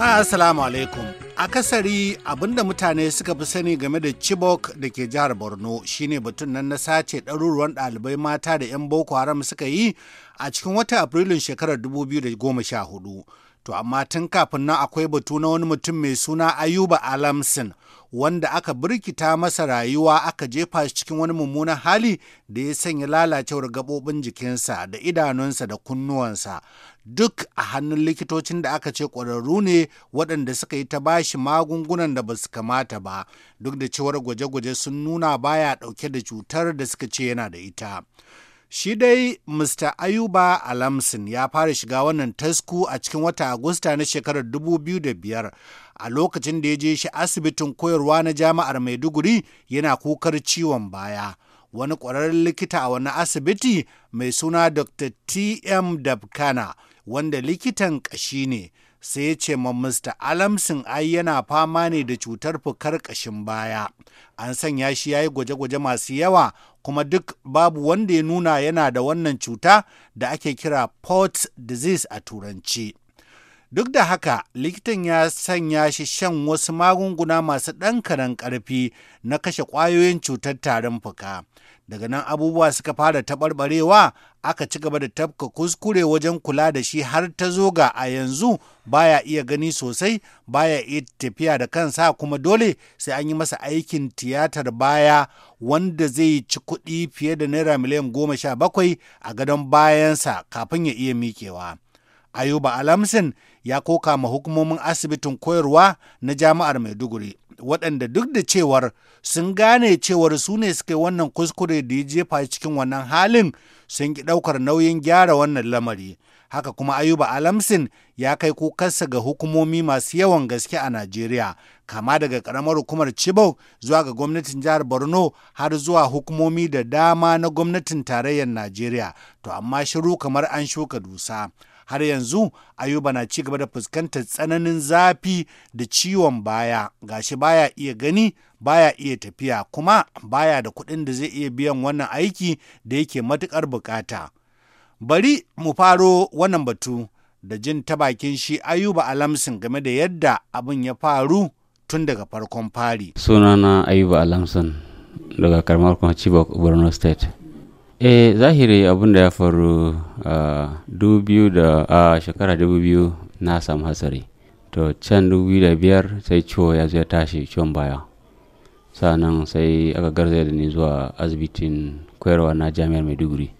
Jama'a Assalamu alaikum. Akasari abinda mutane suka fi sani game da Chibok da ke jihar Borno shine batun nan na sace ɗaruruwan ɗalibai mata da 'yan Boko Haram suka yi a cikin watan Afrilun shekarar 2014. To amma tun kafin nan akwai batu na wani mutum mai suna Ayuba Alamsin wanda aka birkita masa rayuwa aka jefa shi cikin wani mummunan hali da ya sanya lalacewar gabobin jikinsa da idanunsa da kunnuwansa duk a hannun likitocin da aka ce ƙwararru ne waɗanda suka yi ta bashi magungunan da ba su kamata ba duk da cewar gwaje-gwaje sun nuna baya ɗauke da cutar da suka ce yana da ita. Shi dai Mr. Ayuba Alamsin ya fara shiga wannan tasku a cikin wata Agusta na shekarar 2005 a lokacin da ya je shi asibitin koyarwa na jami'ar Maiduguri yana kukar ciwon baya. Wani ƙwararren likita a wani asibiti mai suna Dr. T.M. Dabkana wanda likitan ƙashi ne. sai ya ce ma Mr. Alamsin ai yana fama ne da cutar fukar ƙashin baya. An sanya shi ya yi gwaje-gwaje masu yawa kuma duk babu wanda ya nuna yana da wannan cuta da ake kira port disease a turanci. Duk da haka likitan ya sanya shi shan wasu magunguna masu ɗan karen ƙarfi na kashe ƙwayoyin cutar tarin fuka. daga nan abubuwa suka fara taɓarɓarewa aka ci gaba da tafka kuskure wajen kula da shi har ta zo ga a yanzu baya iya gani sosai baya iya tafiya da kansa kuma dole sai an yi masa aikin tiyatar baya wanda zai ci kuɗi fiye da naira miliyan goma sha bakwai a gadon bayansa kafin ya iya miƙewa. Ayuba Alamsin ya koka ma hukumomin asibitin koyarwa na jami'ar Maiduguri waɗanda duk da cewar sun gane cewar su ne suke wannan kuskure da ya jefa cikin wannan halin sun ki ɗaukar nauyin gyara wannan lamari. Haka kuma Ayuba Alamsin ya kai kukarsa ga hukumomi masu yawan gaske a Najeriya, kama daga ƙaramar hukumar Chibok zuwa ga gwamnatin jihar Borno har zuwa hukumomi da dama na gwamnatin tarayyar Najeriya, to amma shiru kamar an shuka dusa. har yanzu ayuba na ci gaba da fuskantar tsananin zafi da ciwon baya gashi baya iya gani baya iya tafiya kuma baya da kuɗin da zai iya biyan wannan aiki da yake matuƙar bukata bari mu faro wannan batu da jin ta bakin shi ayuba alamsin game da yadda abin ya faru tun daga farkon fari sunana ayuba alamsin daga karamar kuma chibok borno state eh zahiri abin da ya faru a uh, da shekara dubu biyu na samu hatsari to can dubu da biyar sai ciwo ya zai tashi ciwon baya sannan sai aka garzaya da ni zuwa asibitin koyarwa na jami'ar maiduguri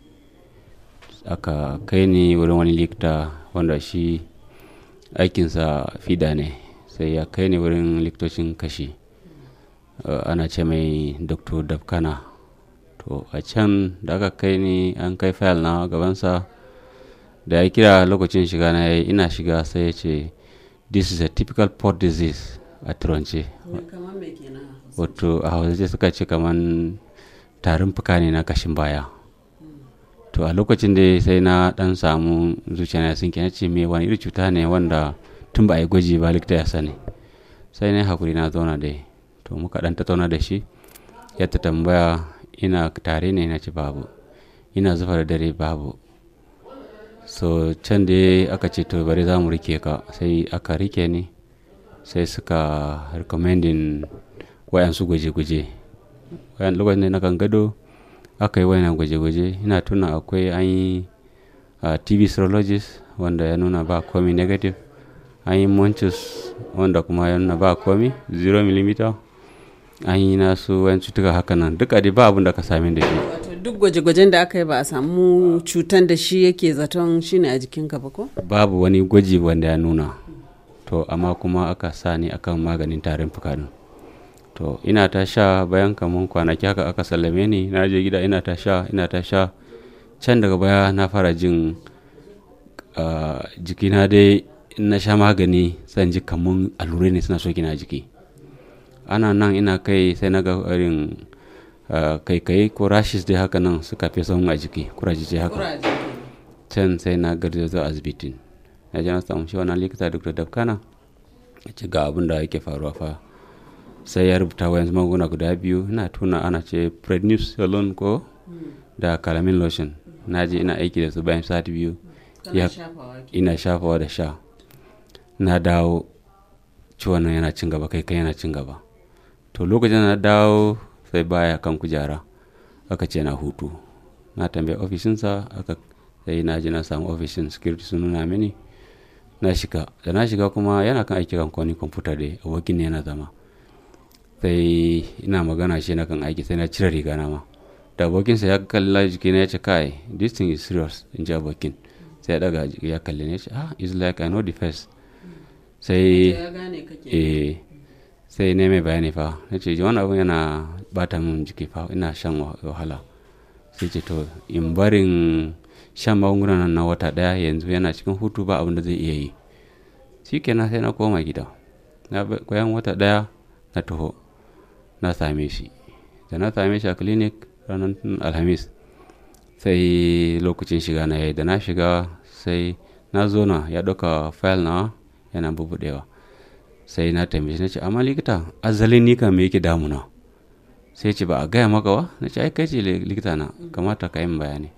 aka kai ni wurin wani likita wanda shi aikinsa fida ne sai ya kai ni wurin likitocin kashi ana ce mai dr dabkana. to a can da aka kai ni an kai fayil na gabansa da ya kira lokacin shiga na ya ina shiga sai ya ce this is a typical port disease a turanci wato a hausa suka ce kamar tarin fuka ne na kashin baya hmm. to a lokacin da sai na dan samu zuciya na sun kenan ce me wani iri cuta ne wanda tun ba a yi gwaji ba likita ya sani sai na yi hakuri na zauna dai to muka dan tattauna da shi ya ta tambaya ina tare ne na ci babu ina zufa da dare babu so can da aka ce to bari za mu rike ka sai aka rike ni sai suka recommending wayansu guje wayan lokacin da na kan gado aka yi wayan guje gwaje ina tuna akwai an yi tv serologist wanda ya nuna ba komi negative an yi munches wanda kuma ya nuna ba komi 0 mm an yi nasu wani cutuka haka nan duka adi ba abin da ka sami da shi duk gwaje-gwajen da aka yi ba a samu cutan da shi yake zaton shi ne a jikinka ba ko babu wani gwaji wanda ya nuna to amma kuma aka sa ni akan maganin tarin fuka din to ina ta sha bayan kaman kwanaki haka aka sallame ni na je gida ina ta sha ina ta sha can daga baya na fara jin ah, jikina dai na sha magani zan ji kaman allurai ne suna soki na jiki ana nan ina kai sai na ga irin kai ko rashis dai haka nan suka fi samun a jiki kurajeje haka can sai na garje zuwa asibitin na je na samu shi wani likita duk da dafkana ya ci ga abin da yake faruwa fa sai ya rubuta wayan magunguna guda biyu na tuna ana ce prednisolone ko da kalamin lotion na je ina aiki da su bayan sati biyu ina shafawa da sha na dawo ciwon yana cin gaba kai kai yana cin gaba to lokacin na dawo sai baya kan kujera aka ce na hutu na tambayi ofishinsa aka sai na ji na samu ofishin security sun nuna mini na shiga da na shiga kuma yana kan aiki kan kwani kwamfuta da abokin ne yana zama sai ina magana shi na kan aiki sai na cire riga na ma da abokinsa ya kalla na ya ce kai this thing is serious in ji abokin sai ya daga ya kalli ne ya ce ah is like i know the face sai sai ne mai bayani fa na ce ji wani abin yana bata min jiki fa ina shan wahala sai ce to in barin shan magungunan na wata daya yanzu yana cikin hutu ba abin da zai iya yi shi kenan sai na koma gida na koyan wata daya na taho na same shi da na same shi a clinic ranar alhamis sai lokacin shiga na yayi da na shiga sai na zo na ya ɗauka fayil na yana bubuɗewa sai na tambaye shi na ce amma likita azalin ni kan me yake damuna sai ce ba a gaya maka wa na ce ai kai ce likita na kamata ka yi bayani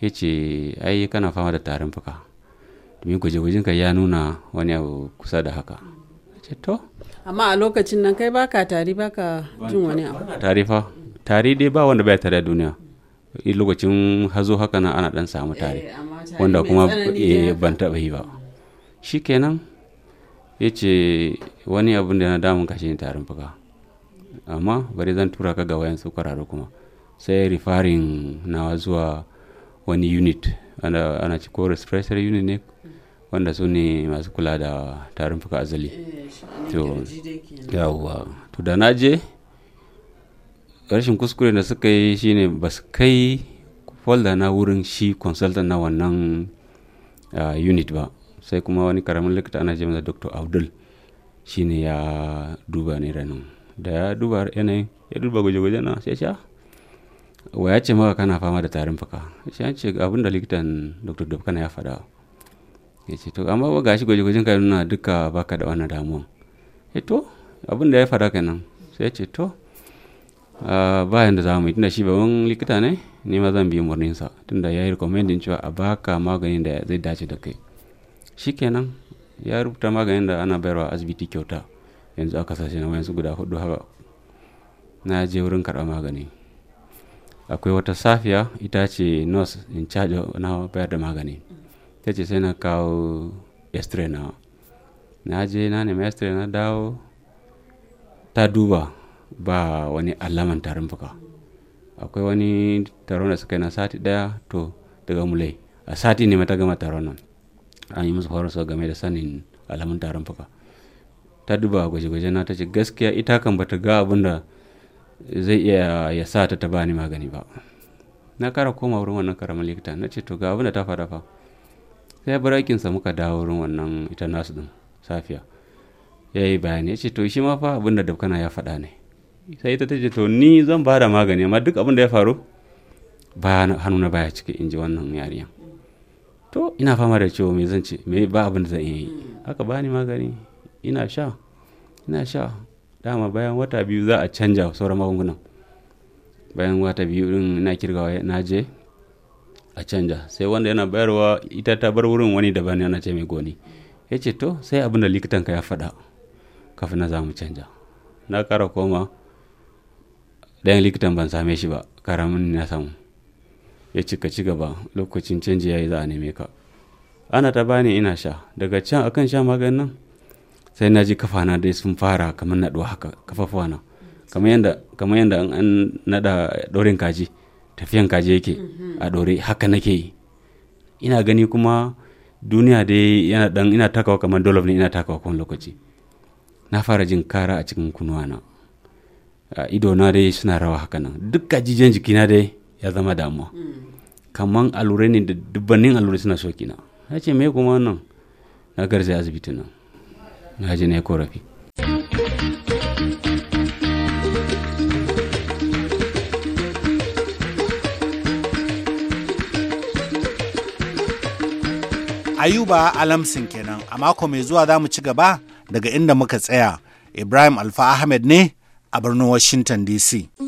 ya ce ai kana fama da tarin fuka domin gwaje-gwajen ka ya nuna wani abu kusa da haka ce to amma a lokacin nan kai baka tari baka jin wani abu tari fa tari dai ba wanda baya tare a duniya lokacin hazo haka nan ana dan samu tari eh, wanda kuma eh, ban taba yi ba shikenan ya ce wani abin da na damun ka ne tarin fuka amma bari zan tura ka ga wayan su kwararru kuma sai rifarin nawa zuwa wani unit ana ci ko respiratory unit ne wanda su ne masu kula da tarin fuka azali eh, to da na je rashin kuskure da suka yi shine ba su kai folda na wurin shi consultant na wannan ah, unit ba sai kuma wani karamin likita ana ce masa dr abdul shine ya duba ni ranin da ya duba yanayin ya duba gwaje-gwaje na sai sha ah, wa ya ce maka kana fama da tarin fuka shi an ce abin da likitan dr dubkana ya faɗa ya ce to amma ba gashi gwaje-gwajen ka nuna duka baka da wannan damuwan ya to abin da ya faɗa kenan sai ya ce to ba da za mu yi tunda shi babban likita ne ni ma zan bi murninsa tunda ya yi rikomendin cewa a baka maganin da zai dace da kai shikenan ya rubuta maganin da ana bayarwa asibiti kyauta yanzu a kasashe na wayansu guda hudu haka na je wurin karɓar magani akwai wata safiya ita ce nurse in charge na bayar da magani ta ce sai na kawo estre na na je na nemi estre na dawo ta duba ba wani alaman tarin fuka akwai wani taron da suka yi na sati daya to daga mulai a sati ne mata gama taron nan an yi musu horaswa game da sanin alamun tarin fuka ta duba gwaje-gwaje na ta ce gaskiya ita kan bata ga abin da zai iya ya sa ta ta bani magani ba na kara koma wurin wannan karamin likita na ce to ga abin da ta faɗa fa sai barakinsa muka dawo wurin wannan ita nasu din safiya ya yi bayani ya ce to shi ma fa abin da dabkana ya faɗa ne sai ita ta ce to ni zan ba da magani amma duk abin da ya faru ba na baya ciki in ji wannan yariyan to ina fama da ciwo me zan ce me ba abin da zan yi aka bani magani ina sha ina sha dama bayan wata biyu za a canja sauran magungunan bayan wata biyu din na kirgawa na je a canja sai wanda yana bayarwa ita ta bar wurin wani daban yana ce mai goni ya ce to sai abin da likitanka ya faɗa kafin na zamu canja na kara koma ɗayan likitan ban same shi ba karamin na samu ya cika ci gaba lokacin canji ya yi za a neme ka ana ta bani ina sha daga can akan sha maganin sai na ji kafana dai sun fara kamar naɗuwa haka kafafuwa kamar kamar yadda an naɗa ɗorin kaji tafiyan kaji yake a ɗore haka nake yi ina gani kuma duniya dai yana dan ina takawa kamar dolof ne ina takawa kowane lokaci na fara jin kara a cikin kunuwa kunuwana idona dai suna rawa haka nan duk kajijen jikina dai ya zama damuwa kamar alure ne da dubbanin alure suna soki na ya ce me kuma wannan na garzai asibiti nan na ji na korafi ayuba alamsin kenan a mako mai zuwa za mu ci gaba daga inda muka tsaya ibrahim alfa ahmed ne a birnin washington dc